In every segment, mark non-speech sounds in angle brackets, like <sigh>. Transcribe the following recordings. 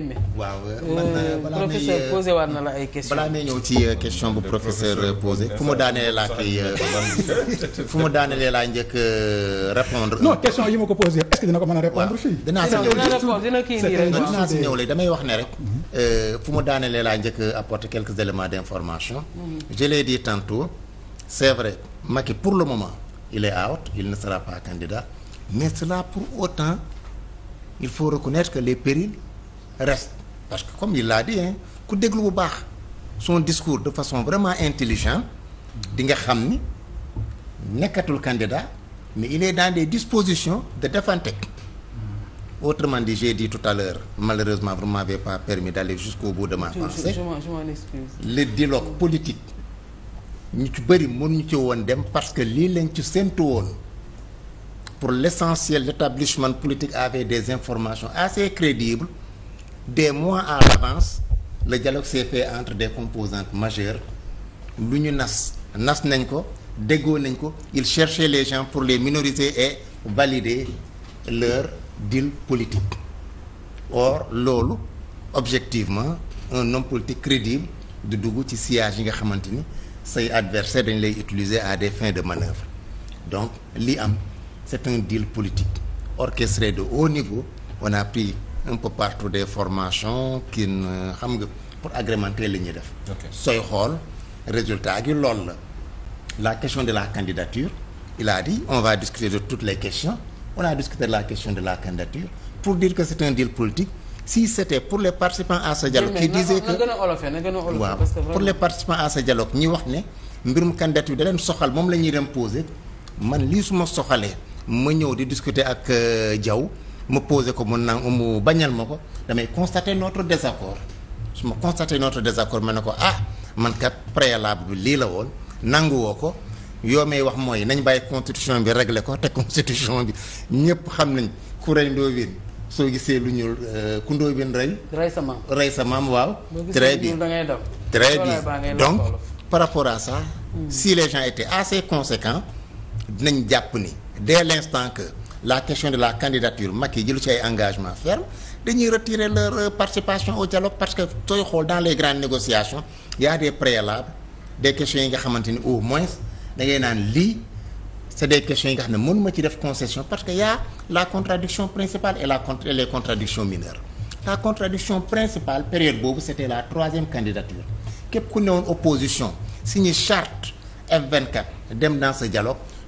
Kébé. waaw man euh, euh, professeur posé waat na la ay questions. balaa may ñëw ci euh, question bu professeur posé fu mu daanelee laa koy <laughs> fu mu daanelee laa njëkk répondre non question yi ma ko posé est que dina ko mën a répondre fii. dinaa si ñëw dinaa damay wax ne rek. Mhm. fu mu daanelee laa njëkk apporter quelques éléments d'information. Mhm. je di dit tantôt c'est vrai Macky pour le moment il est out il ne sera pas candidat mais cela pour autant il faut reconnaître que les périls. reste parce que comme il l'a dit ku déglu bu baax son discours de façon vraiment intelligente di nga xam ni nekkatul candidat mais il est dans des dispositions de Dafantec autrement dit j'ai dit tout à l'heure malheureusement vous ne m'avez pas permis d'aller jusqu'au bout de ma je, le dialogue politique ñu ci bëri mënuñu ci woon dem parce que lii lañ ci séntu woon pour l'essentiel l'établissement politique avait des informations assez crédibles de mois à l'avance le dialogue s'est fait entre des composantes majeures lu ñu nas nas nañ ko déggoo nañ ko ils cherchaient les gens pour les minoriser et valider leur deal politique or loolu objectivement un homme politique crédible du dugg ci sillage yi nga xamante ni say adversaire dañ lay utiliser à des fins de manœuvre donc li am c'est un deal politique orchestré de haut niveau on a pris un peu partout des formations kii xam nga pour agrémenter li ñuy def. sooy xool résultat gi loolu la. la la candidature il a dit on va discuter de questions on a discuté de la question de la candidature pour dire que c'est un deal politique si c'était pour les participants à ce dialogue qui disaient ñi wax ne mbirum candidature da leen soxal moom la ñuy dem poser man lii suma soxalee ma ñëw di discuter ak euh, Diaw ma posé ko mun naa mu bañal ma ko damay constater notre désaccord su ma constater notre désaccord ma ne ko ah man kat préalable bi lii la woon nanguwoo ko yoo may wax mooy nañ bàyyi constitution bi regle ko te <laughs> constitution bi ñëpp xam nañ ku rey Ndofène soo gisee lu ñuul euh, ku Ndofène rey. rey rey sa maam waaw. très bien très bien donc par rapport à ça. Hmm. si les gens étaient assez conséquents dinañ jàpp ni dès l'instant que. la question de la candidature yi jëlu ci ay engagement ferme dañuy retirer leur euh, participation au dialogue parce que sooy xool dans les grandes négociations il y a des préalables yi nga xamante ni au moins dangay naan lii c'est des question yi nga xam ne mënuma ci def concession parce que y la contradiction principale et la contre les contradictions mineures la contradiction principal période boobu c'était la troisième candidature képp ku newoon opposition signé charte F24 dem dans ce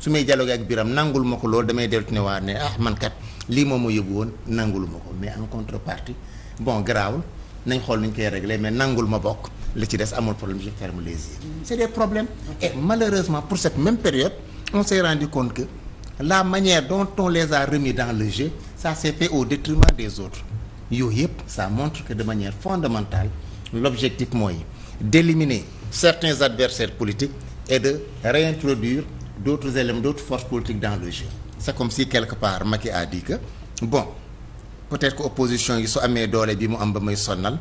su may dialogue ak biram nangul ma ko loolu damay deltu ne waa ne ah mankat lii moom ma yóbbu woon nangulu ko mais en contrepartie bon garaawul nañ xool nuñ koy régler mais nangul ma bokk li ci des amul problème je ferme les yeux c'est des problèmes et malheureusement pour cette même période on s'est rendu compte que la manière dont on les a remis dans le jeu ça s'est fait au détriment des autres yooyu yëpp ça montre que de manière fondamentale l'objectif mooy d'éliminer certains adversaires politiques et de réintroduire d'autres éléments d'autres forces politiques dans le jeu c'est comme si quelque part Macky a dit que bon peut-être que opposition yi su amee doolee bi mu am ba may sonnal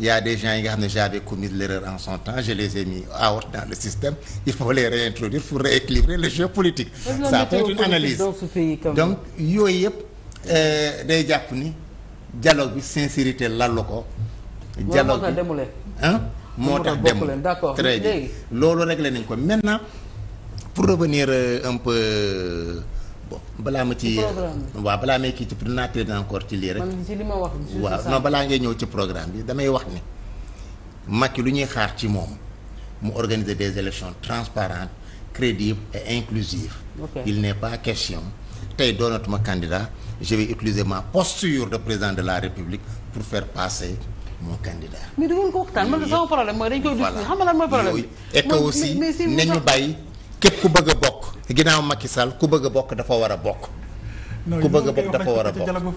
y des gens yi nga xam ne j'avais commis l'erreur en son temps je les ai mis out dans le système <laughs> il faut les réintroduire pour rééquilibrer le jeu politique ça peut être une analyse donc yooyu yëpp euh, day jàpp ni dialogue bi sincérité lalu ko dialogue bi ah moo tax demul très bien loolu réglé nañ ko maintenant pour revenir euh, un peu euh, balaa ma ci waaw balaa may kii ci naa tëdd encore ci lii rek waaw non balaa ngay ñëw ci programme bi damay wax ni Macky lu ñuy xaar ci moom mu organiser des élections transparentes crédibles et inclusives okay. il n'est pas question tey doonatuma candidat je vais utiliser ma posture de président de la République pour faire passer mon candidat mais et que aussi nañu bàyyi képp ku bëgg a bokk ginnaaw Macky Sall ku bëgg a bokk dafa war a bokk ku bëgg a bokk dafa war a bokk